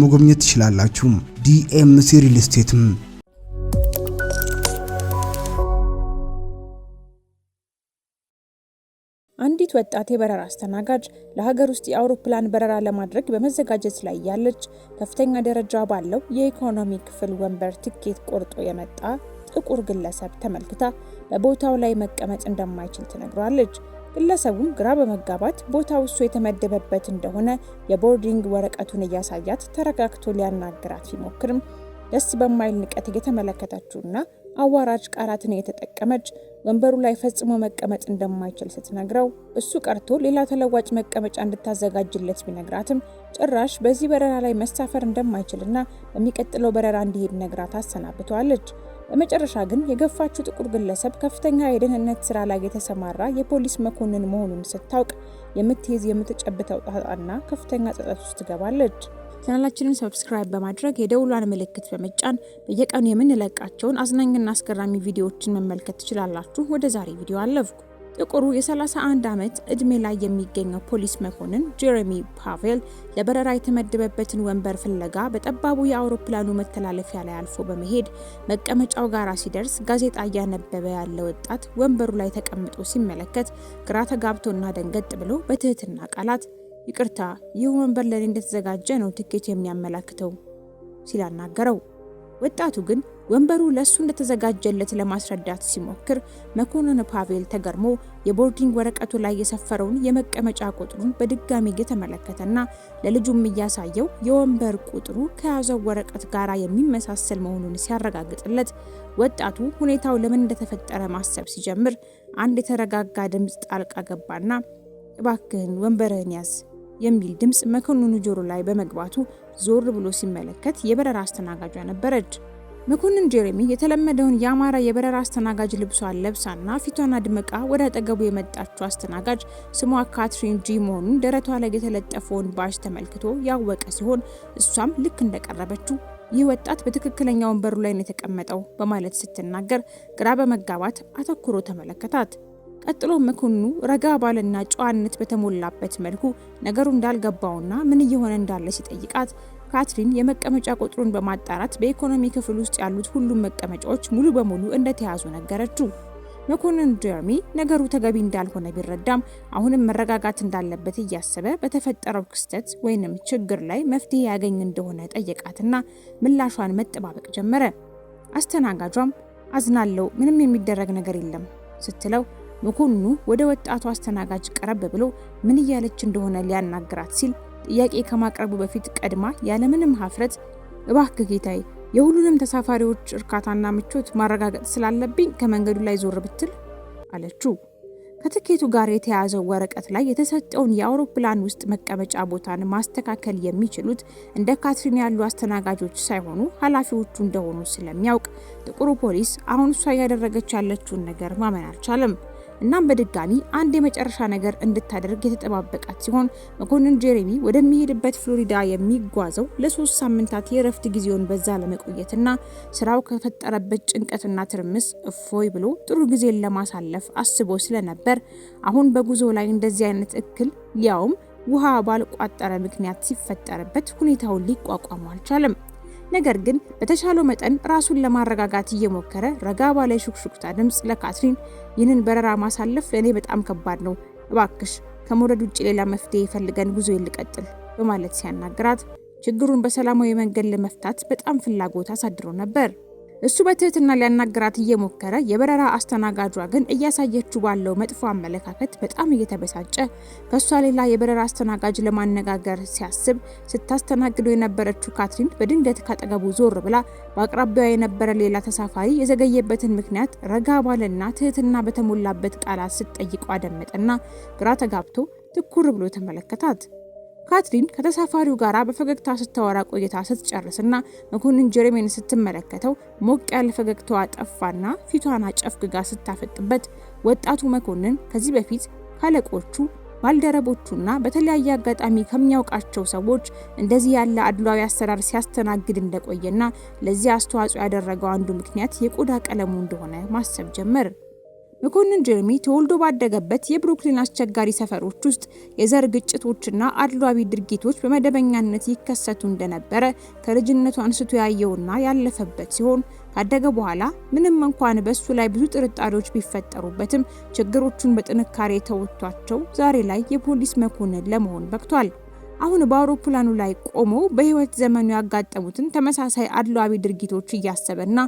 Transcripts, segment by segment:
በቀላል መጎብኘት ትችላላችሁ። ዲኤምሲ ሪል ስቴትም አንዲት ወጣት የበረራ አስተናጋጅ ለሀገር ውስጥ የአውሮፕላን በረራ ለማድረግ በመዘጋጀት ላይ ያለች ከፍተኛ ደረጃ ባለው የኢኮኖሚ ክፍል ወንበር ትኬት ቆርጦ የመጣ ጥቁር ግለሰብ ተመልክታ በቦታው ላይ መቀመጥ እንደማይችል ትነግሯለች። ግለሰቡም ግራ በመጋባት ቦታው እሱ የተመደበበት እንደሆነ የቦርዲንግ ወረቀቱን እያሳያት ተረጋግቶ ሊያናግራት ቢሞክርም ደስ በማይል ንቀት እየተመለከተችውና አዋራጅ ቃላትን እየተጠቀመች ወንበሩ ላይ ፈጽሞ መቀመጥ እንደማይችል ስትነግረው እሱ ቀርቶ ሌላ ተለዋጭ መቀመጫ እንድታዘጋጅለት ቢነግራትም ጭራሽ በዚህ በረራ ላይ መሳፈር እንደማይችልና በሚቀጥለው በረራ እንዲሄድ ነግራት አሰናብተዋለች። በመጨረሻ ግን የገፋችው ጥቁር ግለሰብ ከፍተኛ የደህንነት ስራ ላይ የተሰማራ የፖሊስ መኮንን መሆኑን ስታውቅ የምትይዝ የምትጨብተው ጣጣና ከፍተኛ ጸጸት ውስጥ ትገባለች። ቻናላችንን ሰብስክራይብ በማድረግ የደውሏን ምልክት በመጫን በየቀኑ የምንለቃቸውን አዝናኝና አስገራሚ ቪዲዮዎችን መመልከት ትችላላችሁ። ወደ ዛሬ ቪዲዮ አለፍኩ። ጥቁሩ የ31 ዓመት ዕድሜ ላይ የሚገኘው ፖሊስ መኮንን ጄሬሚ ፓቬል ለበረራ የተመደበበትን ወንበር ፍለጋ በጠባቡ የአውሮፕላኑ መተላለፊያ ላይ አልፎ በመሄድ መቀመጫው ጋር ሲደርስ ጋዜጣ እያነበበ ያለ ወጣት ወንበሩ ላይ ተቀምጦ ሲመለከት ግራ ተጋብቶና ደንገጥ ብሎ በትህትና ቃላት ይቅርታ፣ ይህ ወንበር ለእኔ እንደተዘጋጀ ነው ትኬት የሚያመላክተው ሲል አናገረው። ወጣቱ ግን ወንበሩ ለእሱ እንደተዘጋጀለት ለማስረዳት ሲሞክር መኮንን ፓቬል ተገርሞ የቦርዲንግ ወረቀቱ ላይ የሰፈረውን የመቀመጫ ቁጥሩን በድጋሚ እየተመለከተና ለልጁም እያሳየው የወንበር ቁጥሩ ከያዘው ወረቀት ጋር የሚመሳሰል መሆኑን ሲያረጋግጥለት ወጣቱ ሁኔታው ለምን እንደተፈጠረ ማሰብ ሲጀምር አንድ የተረጋጋ ድምፅ ጣልቃ ገባና እባክህን ወንበርህን ያዝ የሚል ድምፅ መኮንኑ ጆሮ ላይ በመግባቱ ዞር ብሎ ሲመለከት የበረራ አስተናጋጇ ነበረች። መኮንን ጀሬሚ የተለመደውን የአማራ የበረራ አስተናጋጅ ልብሷን ለብሳና ፊቷን አድምቃ ወደ አጠገቡ የመጣችው አስተናጋጅ ስሟ ካትሪን ጂ መሆኑን ደረቷ ላይ የተለጠፈውን ባጅ ተመልክቶ ያወቀ ሲሆን እሷም ልክ እንደቀረበችው ይህ ወጣት በትክክለኛ ወንበሩ ላይ ነው የተቀመጠው በማለት ስትናገር ግራ በመጋባት አተኩሮ ተመለከታት። ቀጥሎ መኮንኑ ረጋ ባልና ጨዋነት በተሞላበት መልኩ ነገሩ እንዳልገባውና ምን እየሆነ እንዳለ ሲጠይቃት ካትሪን የመቀመጫ ቁጥሩን በማጣራት በኢኮኖሚ ክፍል ውስጥ ያሉት ሁሉም መቀመጫዎች ሙሉ በሙሉ እንደተያዙ ነገረችው። መኮንን ጀርሚ ነገሩ ተገቢ እንዳልሆነ ቢረዳም አሁንም መረጋጋት እንዳለበት እያሰበ በተፈጠረው ክስተት ወይንም ችግር ላይ መፍትሄ ያገኝ እንደሆነ ጠየቃትና ምላሿን መጠባበቅ ጀመረ። አስተናጋጇም አዝናለው፣ ምንም የሚደረግ ነገር የለም ስትለው መኮንኑ ወደ ወጣቱ አስተናጋጅ ቀረብ ብሎ ምን እያለች እንደሆነ ሊያናግራት ሲል ጥያቄ ከማቅረቡ በፊት ቀድማ ያለምንም ሀፍረት እባክ ጌታዬ የሁሉንም ተሳፋሪዎች እርካታና ምቾት ማረጋገጥ ስላለብኝ ከመንገዱ ላይ ዞር ብትል አለችው። ከትኬቱ ጋር የተያዘው ወረቀት ላይ የተሰጠውን የአውሮፕላን ውስጥ መቀመጫ ቦታን ማስተካከል የሚችሉት እንደ ካትሪን ያሉ አስተናጋጆች ሳይሆኑ ኃላፊዎቹ እንደሆኑ ስለሚያውቅ ጥቁሩ ፖሊስ አሁን እሷ እያደረገች ያለችውን ነገር ማመን አልቻለም። እናም በድጋሚ አንድ የመጨረሻ ነገር እንድታደርግ የተጠባበቃት ሲሆን መኮንን ጄሬሚ ወደሚሄድበት ፍሎሪዳ የሚጓዘው ለሶስት ሳምንታት የእረፍት ጊዜውን በዛ ለመቆየትና ስራው ከፈጠረበት ጭንቀትና ትርምስ እፎይ ብሎ ጥሩ ጊዜን ለማሳለፍ አስቦ ስለነበር አሁን በጉዞ ላይ እንደዚህ አይነት እክል ያውም ውሃ ባልቋጠረ ምክንያት ሲፈጠርበት ሁኔታውን ሊቋቋሙ አልቻለም። ነገር ግን በተቻለው መጠን ራሱን ለማረጋጋት እየሞከረ ረጋ ባለ ሹክሹክታ ድምፅ ለካትሪን ይህንን በረራ ማሳለፍ ለእኔ በጣም ከባድ ነው፣ እባክሽ ከመውረድ ውጭ ሌላ መፍትሄ ፈልገን ጉዞ ልቀጥል በማለት ሲያናግራት ችግሩን በሰላማዊ መንገድ ለመፍታት በጣም ፍላጎት አሳድሮ ነበር። እሱ በትህትና ሊያናግራት እየሞከረ የበረራ አስተናጋጇ ግን እያሳየችው ባለው መጥፎ አመለካከት በጣም እየተበሳጨ ከእሷ ሌላ የበረራ አስተናጋጅ ለማነጋገር ሲያስብ ስታስተናግደው የነበረችው ካትሪን በድንገት ካጠገቡ ዞር ብላ በአቅራቢያዋ የነበረ ሌላ ተሳፋሪ የዘገየበትን ምክንያት ረጋ ባለና ትህትና በተሞላበት ቃላት ስትጠይቀው አደመጠና ግራ ተጋብቶ ትኩር ብሎ ተመለከታት። ካትሪን ከተሳፋሪው ጋር በፈገግታ ስታወራ ቆይታ ስትጨርስና መኮንን ጀሬሜን ስትመለከተው ሞቅ ያለ ፈገግታዋ ጠፋና ፊቷን አጨፍግጋ ስታፈጥበት ወጣቱ መኮንን ከዚህ በፊት ካለቆቹ ባልደረቦቹና በተለያየ አጋጣሚ ከሚያውቃቸው ሰዎች እንደዚህ ያለ አድሏዊ አሰራር ሲያስተናግድ እንደቆየና ለዚህ አስተዋጽኦ ያደረገው አንዱ ምክንያት የቆዳ ቀለሙ እንደሆነ ማሰብ ጀመር። መኮንን ጀርሚ ተወልዶ ባደገበት የብሩክሊን አስቸጋሪ ሰፈሮች ውስጥ የዘር ግጭቶችና አድሏዊ ድርጊቶች በመደበኛነት ይከሰቱ እንደነበረ ከልጅነቱ አንስቶ ያየውና ያለፈበት ሲሆን ካደገ በኋላ ምንም እንኳን በሱ ላይ ብዙ ጥርጣሬዎች ቢፈጠሩበትም ችግሮቹን በጥንካሬ ተወጥቷቸው ዛሬ ላይ የፖሊስ መኮንን ለመሆን በቅቷል። አሁን በአውሮፕላኑ ላይ ቆሞ በህይወት ዘመኑ ያጋጠሙትን ተመሳሳይ አድሏዊ ድርጊቶች እያሰበና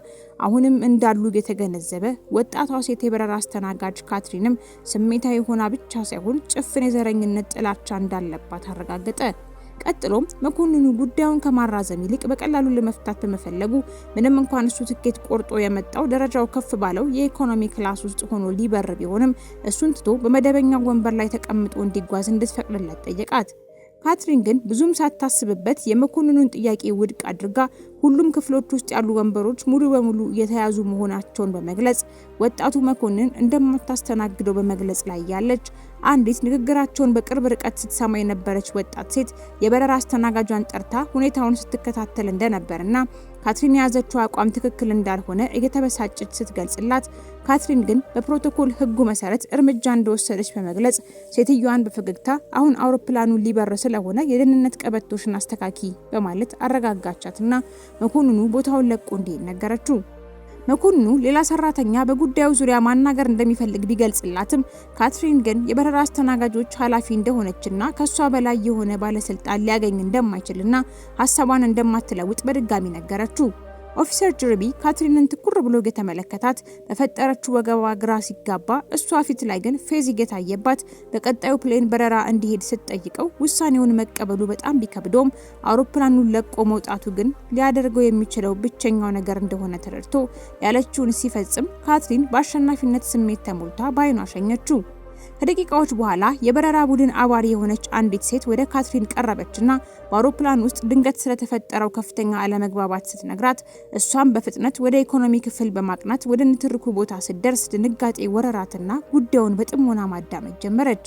አሁንም እንዳሉ የተገነዘበ ወጣቷ ሴት የበረራ አስተናጋጅ ካትሪንም ስሜታዊ ሆና ብቻ ሳይሆን ጭፍን የዘረኝነት ጥላቻ እንዳለባት አረጋገጠ። ቀጥሎም መኮንኑ ጉዳዩን ከማራዘም ይልቅ በቀላሉ ለመፍታት በመፈለጉ ምንም እንኳን እሱ ትኬት ቆርጦ የመጣው ደረጃው ከፍ ባለው የኢኮኖሚ ክላስ ውስጥ ሆኖ ሊበር ቢሆንም እሱን ትቶ በመደበኛ ወንበር ላይ ተቀምጦ እንዲጓዝ እንድትፈቅድለት ጠየቃት። ካትሪን ግን ብዙም ሳታስብበት የመኮንኑን ጥያቄ ውድቅ አድርጋ ሁሉም ክፍሎች ውስጥ ያሉ ወንበሮች ሙሉ በሙሉ የተያዙ መሆናቸውን በመግለጽ ወጣቱ መኮንን እንደማታስተናግደው በመግለጽ ላይ ያለች አንዲት ንግግራቸውን በቅርብ ርቀት ስትሰማ የነበረች ወጣት ሴት የበረራ አስተናጋጇን ጠርታ ሁኔታውን ስትከታተል እንደነበርና ካትሪን የያዘችው አቋም ትክክል እንዳልሆነ እየተበሳጨች ስትገልጽላት፣ ካትሪን ግን በፕሮቶኮል ህጉ መሰረት እርምጃ እንደወሰደች በመግለጽ ሴትዮዋን በፈገግታ አሁን አውሮፕላኑ ሊበር ስለሆነ የደህንነት ቀበቶሽን አስተካኪ በማለት አረጋጋቻትና መኮንኑ ቦታውን ለቆ እንዲሄድ ነገረችው። መኮንኑ ሌላ ሰራተኛ በጉዳዩ ዙሪያ ማናገር እንደሚፈልግ ቢገልጽላትም ካትሪን ግን የበረራ አስተናጋጆች ኃላፊ እንደሆነችና ከሷ በላይ የሆነ ባለስልጣን ሊያገኝ እንደማይችልና ሀሳቧን እንደማትለውጥ በድጋሚ ነገረችው። ኦፊሰር ጀርቢ ካትሪንን ትኩር ብሎ እየተመለከታት በፈጠረችው ወገባ ግራ ሲጋባ፣ እሷ ፊት ላይ ግን ፌዝ እየታየባት በቀጣዩ ፕሌን በረራ እንዲሄድ ስትጠይቀው ውሳኔውን መቀበሉ በጣም ቢከብዶም አውሮፕላኑን ለቆ መውጣቱ ግን ሊያደርገው የሚችለው ብቸኛው ነገር እንደሆነ ተረድቶ ያለችውን ሲፈጽም ካትሪን በአሸናፊነት ስሜት ተሞልታ በአይኗ ሸኘችው። ከደቂቃዎች በኋላ የበረራ ቡድን አባሪ የሆነች አንዲት ሴት ወደ ካትሪን ቀረበችና በአውሮፕላን ውስጥ ድንገት ስለተፈጠረው ከፍተኛ አለመግባባት ስትነግራት እሷም በፍጥነት ወደ ኢኮኖሚ ክፍል በማቅናት ወደ ንትርኩ ቦታ ስትደርስ ድንጋጤ ወረራትና ጉዳዩን በጥሞና ማዳመጥ ጀመረች።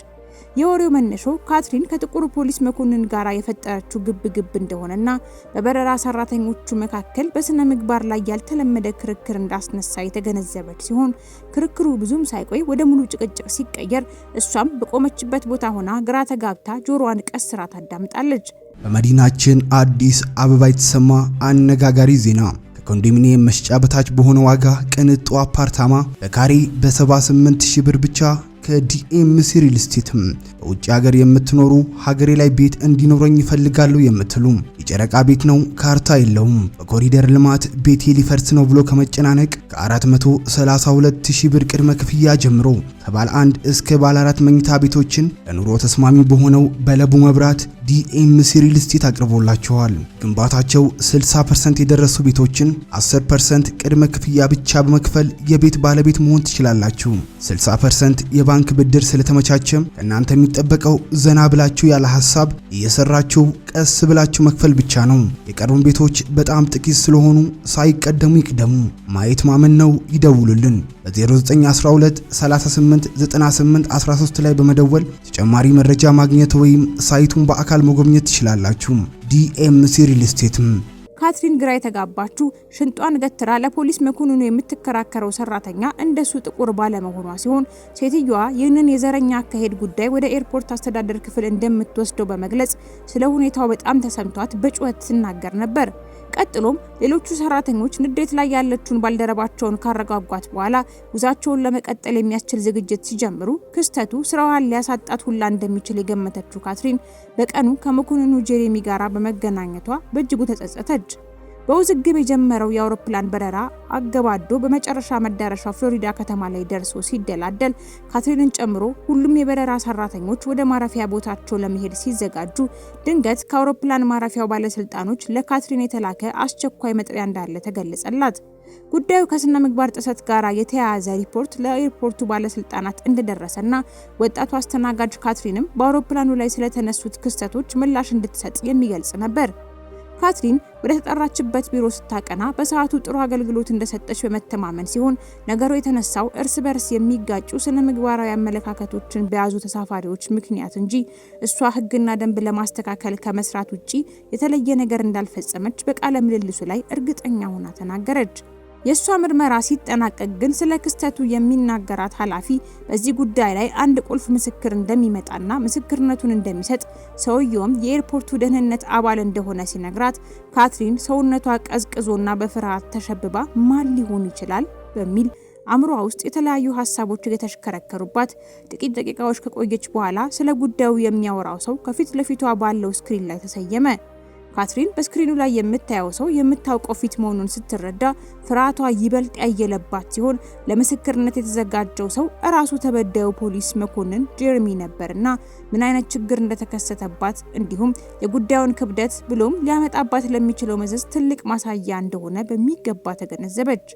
የወሬው መነሾ ካትሪን ከጥቁሩ ፖሊስ መኮንን ጋር የፈጠረችው ግብ ግብ እንደሆነና በበረራ ሰራተኞቹ መካከል በስነ ምግባር ላይ ያልተለመደ ክርክር እንዳስነሳ የተገነዘበች ሲሆን ክርክሩ ብዙም ሳይቆይ ወደ ሙሉ ጭቅጭቅ ሲቀየር እሷም በቆመችበት ቦታ ሆና ግራ ተጋብታ ጆሮዋን ቀስራ ታዳምጣለች። በመዲናችን አዲስ አበባ የተሰማ አነጋጋሪ ዜና ከኮንዶሚኒየም መስጫ በታች በሆነ ዋጋ ቅንጡ አፓርታማ በካሬ በ78 ሺህ ብር ብቻ ከዲኤም ሲሪል ስቴትም በውጭ ሀገር የምትኖሩ ሀገሬ ላይ ቤት እንዲኖረኝ ይፈልጋሉ የምትሉ የጨረቃ ቤት ነው፣ ካርታ የለውም፣ በኮሪደር ልማት ቤቴ ሊፈርስ ነው ብሎ ከመጨናነቅ ከ 432000 ሺህ ብር ቅድመ ክፍያ ጀምሮ ከባለ አንድ እስከ ባለ አራት መኝታ ቤቶችን ለኑሮ ተስማሚ በሆነው በለቡ መብራት ዲኤም ሲሪል ስቴት አቅርቦላቸዋል። ግንባታቸው 60% የደረሱ ቤቶችን 10% ቅድመ ክፍያ ብቻ በመክፈል የቤት ባለቤት መሆን ትችላላችሁ። 60% ባንክ ብድር ስለተመቻቸም ከእናንተ የሚጠበቀው ዘና ብላችሁ ያለ ሀሳብ እየሰራችሁ ቀስ ብላችሁ መክፈል ብቻ ነው። የቀሩን ቤቶች በጣም ጥቂት ስለሆኑ ሳይቀደሙ ይቅደሙ። ማየት ማመን ነው። ይደውሉልን። በ0912 38 98 13 ላይ በመደወል ተጨማሪ መረጃ ማግኘት ወይም ሳይቱን በአካል መጎብኘት ትችላላችሁ። ዲኤምሲ ሪል ስቴትም ካትሪን ግራ የተጋባችው ሽንጧን ገትራ ለፖሊስ መኮንኑ የምትከራከረው ሰራተኛ እንደሱ ጥቁር ባለመሆኗ ሲሆን ሴትየዋ ይህንን የዘረኛ አካሄድ ጉዳይ ወደ ኤርፖርት አስተዳደር ክፍል እንደምትወስደው በመግለጽ ስለ ሁኔታው በጣም ተሰምቷት በጩኸት ትናገር ነበር። ቀጥሎም ሌሎቹ ሰራተኞች ንዴት ላይ ያለችውን ባልደረባቸውን ካረጋጓት በኋላ ጉዛቸውን ለመቀጠል የሚያስችል ዝግጅት ሲጀምሩ ክስተቱ ስራዋን ሊያሳጣት ሁላ እንደሚችል የገመተችው ካትሪን በቀኑ ከመኮንኑ ጄሬሚ ጋራ በመገናኘቷ በእጅጉ ተጸጸተች። በውዝግብ የጀመረው የአውሮፕላን በረራ አገባዶ በመጨረሻ መዳረሻው ፍሎሪዳ ከተማ ላይ ደርሶ ሲደላደል ካትሪንን ጨምሮ ሁሉም የበረራ ሰራተኞች ወደ ማረፊያ ቦታቸው ለመሄድ ሲዘጋጁ ድንገት ከአውሮፕላን ማረፊያው ባለስልጣኖች ለካትሪን የተላከ አስቸኳይ መጥሪያ እንዳለ ተገለጸላት። ጉዳዩ ከስነ ምግባር ጥሰት ጋር የተያያዘ ሪፖርት ለኤርፖርቱ ባለስልጣናት እንደደረሰና ወጣቱ አስተናጋጅ ካትሪንም በአውሮፕላኑ ላይ ስለተነሱት ክስተቶች ምላሽ እንድትሰጥ የሚገልጽ ነበር። ካትሪን ወደ ተጠራችበት ቢሮ ስታቀና በሰዓቱ ጥሩ አገልግሎት እንደሰጠች በመተማመን ሲሆን ነገሩ የተነሳው እርስ በርስ የሚጋጩ ስነ ምግባራዊ አመለካከቶችን በያዙ ተሳፋሪዎች ምክንያት እንጂ እሷ ሕግና ደንብ ለማስተካከል ከመስራት ውጪ የተለየ ነገር እንዳልፈጸመች በቃለ ምልልሱ ላይ እርግጠኛ ሆና ተናገረች። የእሷ ምርመራ ሲጠናቀቅ ግን ስለ ክስተቱ የሚናገራት ኃላፊ በዚህ ጉዳይ ላይ አንድ ቁልፍ ምስክር እንደሚመጣና ምስክርነቱን እንደሚሰጥ ሰውየውም የኤርፖርቱ ደህንነት አባል እንደሆነ ሲነግራት ካትሪን ሰውነቷ ቀዝቅዞና በፍርሃት ተሸብባ ማን ሊሆን ይችላል በሚል አእምሯ ውስጥ የተለያዩ ሀሳቦች የተሽከረከሩባት። ጥቂት ደቂቃዎች ከቆየች በኋላ ስለ ጉዳዩ የሚያወራው ሰው ከፊት ለፊቷ ባለው ስክሪን ላይ ተሰየመ። ካትሪን በስክሪኑ ላይ የምታየው ሰው የምታውቀው ፊት መሆኑን ስትረዳ ፍርሃቷ ይበልጥ ያየለባት ሲሆን ለምስክርነት የተዘጋጀው ሰው እራሱ ተበዳዩ ፖሊስ መኮንን ጀርሚ ነበርና ምን አይነት ችግር እንደተከሰተባት እንዲሁም የጉዳዩን ክብደት ብሎም ሊያመጣባት ለሚችለው መዘዝ ትልቅ ማሳያ እንደሆነ በሚገባ ተገነዘበች።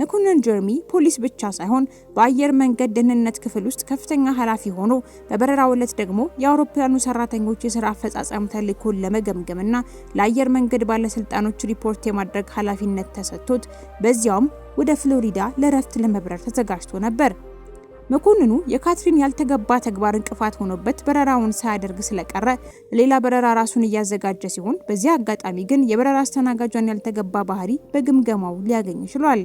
መኮንን ጀርሚ ፖሊስ ብቻ ሳይሆን በአየር መንገድ ደህንነት ክፍል ውስጥ ከፍተኛ ኃላፊ ሆኖ በበረራው ዕለት ደግሞ የአውሮፕላኑ ሰራተኞች የስራ አፈጻጸም ተልእኮን ለመገምገምና ለአየር መንገድ ባለስልጣኖች ሪፖርት የማድረግ ኃላፊነት ተሰጥቶት በዚያውም ወደ ፍሎሪዳ ለረፍት ለመብረር ተዘጋጅቶ ነበር። መኮንኑ የካትሪን ያልተገባ ተግባር እንቅፋት ሆኖበት በረራውን ሳያደርግ ስለቀረ ሌላ በረራ ራሱን እያዘጋጀ ሲሆን፣ በዚያ አጋጣሚ ግን የበረራ አስተናጋጇን ያልተገባ ባህሪ በግምገማው ሊያገኝ ችሏል።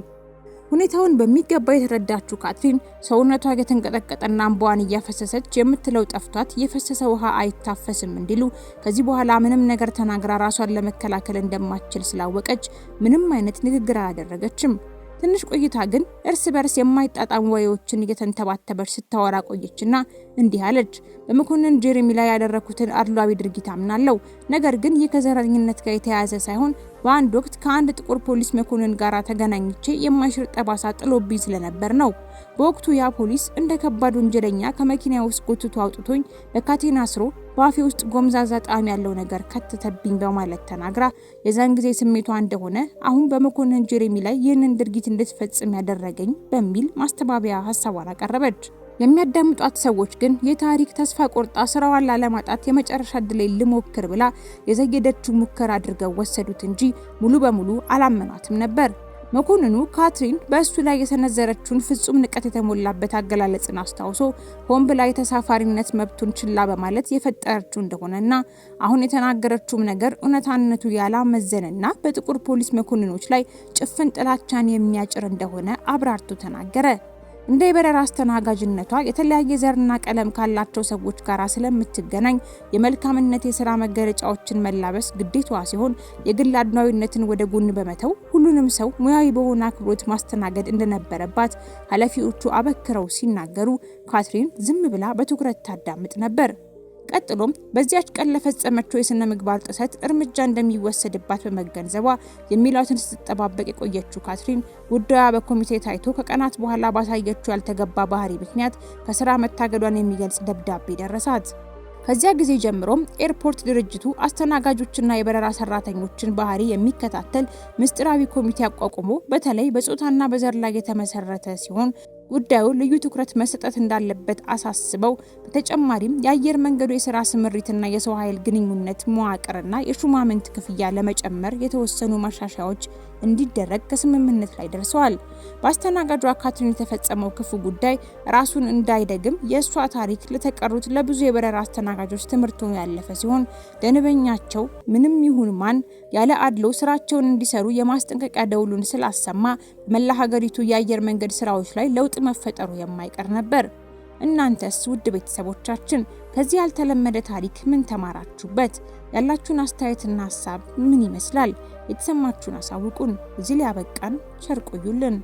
ሁኔታውን በሚገባ የተረዳችው ካትሪን ሰውነቷ የተንቀጠቀጠና እንባዋን እያፈሰሰች የምትለው ጠፍቷት የፈሰሰ ውሃ አይታፈስም እንዲሉ ከዚህ በኋላ ምንም ነገር ተናግራ ራሷን ለመከላከል እንደማትችል ስላወቀች ምንም አይነት ንግግር አላደረገችም። ትንሽ ቆይታ ግን እርስ በርስ የማይጣጣሙ ወሬዎችን እየተንተባተበች ስታወራ ቆየችና እንዲህ አለች። በመኮንን ጄሬሚ ላይ ያደረኩትን አድሏዊ ድርጊት አምናለሁ። ነገር ግን ይህ ከዘረኝነት ጋር የተያያዘ ሳይሆን በአንድ ወቅት ከአንድ ጥቁር ፖሊስ መኮንን ጋር ተገናኝቼ የማይሽር ጠባሳ ጥሎብኝ ስለነበር ነው። በወቅቱ ያ ፖሊስ እንደ ከባድ ወንጀለኛ ከመኪና ውስጥ ጎትቶ አውጥቶኝ በካቴና አስሮ በአፌ ውስጥ ጎምዛዛ ጣዕም ያለው ነገር ከተተብኝ በማለት ተናግራ የዛን ጊዜ ስሜቷ እንደሆነ አሁን በመኮንን ጀሬሚ ላይ ይህንን ድርጊት እንድትፈጽም ያደረገኝ በሚል ማስተባበያ ሀሳቧን አቀረበች። የሚያዳምጧት ሰዎች ግን የታሪክ ተስፋ ቆርጣ ስራዋን ላለማጣት የመጨረሻ እድሌ ልሞክር ብላ የዘየደችው ሙከራ አድርገው ወሰዱት እንጂ ሙሉ በሙሉ አላመኗትም ነበር። መኮንኑ ካትሪን በእሱ ላይ የሰነዘረችውን ፍጹም ንቀት የተሞላበት አገላለጽን አስታውሶ ሆን ብላ የተሳፋሪነት መብቱን ችላ በማለት የፈጠረችው እንደሆነና አሁን የተናገረችውም ነገር እውነታነቱ ያላመዘነና በጥቁር ፖሊስ መኮንኖች ላይ ጭፍን ጥላቻን የሚያጭር እንደሆነ አብራርቶ ተናገረ። እንደ የበረራ አስተናጋጅነቷ የተለያየ ዘርና ቀለም ካላቸው ሰዎች ጋር ስለምትገናኝ የመልካምነት የስራ መገለጫዎችን መላበስ ግዴታዋ ሲሆን የግል አድናዊነትን ወደ ጎን በመተው ሁሉንም ሰው ሙያዊ በሆነ አክብሮት ማስተናገድ እንደነበረባት ኃላፊዎቹ አበክረው ሲናገሩ ካትሪን ዝም ብላ በትኩረት ታዳምጥ ነበር። ቀጥሎም በዚያች ቀን ለፈጸመችው የስነ ምግባር ጥሰት እርምጃ እንደሚወሰድባት በመገንዘቧ የሚለውን ስትጠባበቅ የቆየችው ካትሪን ጉዳዩ በኮሚቴ ታይቶ ከቀናት በኋላ ባሳየችው ያልተገባ ባህሪ ምክንያት ከስራ መታገዷን የሚገልጽ ደብዳቤ ደረሳት። ከዚያ ጊዜ ጀምሮም ኤርፖርት ድርጅቱ አስተናጋጆችና የበረራ ሰራተኞችን ባህሪ የሚከታተል ምስጢራዊ ኮሚቴ አቋቁሞ በተለይ በጾታና በዘር ላይ የተመሰረተ ሲሆን ጉዳዩ ልዩ ትኩረት መሰጠት እንዳለበት አሳስበው በተጨማሪም የአየር መንገዱ የስራ ስምሪትና የሰው ኃይል ግንኙነት መዋቅርና የሹማምንት ክፍያ ለመጨመር የተወሰኑ ማሻሻያዎች እንዲደረግ ከስምምነት ላይ ደርሰዋል። በአስተናጋጇ ካትሪን የተፈጸመው ክፉ ጉዳይ ራሱን እንዳይደግም የእሷ ታሪክ ለተቀሩት ለብዙ የበረራ አስተናጋጆች ትምህርት ሆኖ ያለፈ ሲሆን ደንበኛቸው ምንም ይሁን ማን ያለ አድሎ ስራቸውን እንዲሰሩ የማስጠንቀቂያ ደውሉን ስላሰማ መላ ሀገሪቱ የአየር መንገድ ስራዎች ላይ ለውጥ ለውጥ መፈጠሩ የማይቀር ነበር። እናንተስ ውድ ቤተሰቦቻችን ከዚህ ያልተለመደ ታሪክ ምን ተማራችሁበት? ያላችሁን አስተያየትና ሀሳብ ምን ይመስላል? የተሰማችሁን አሳውቁን። እዚህ ላይ ያበቃን። ቸር ቆዩልን።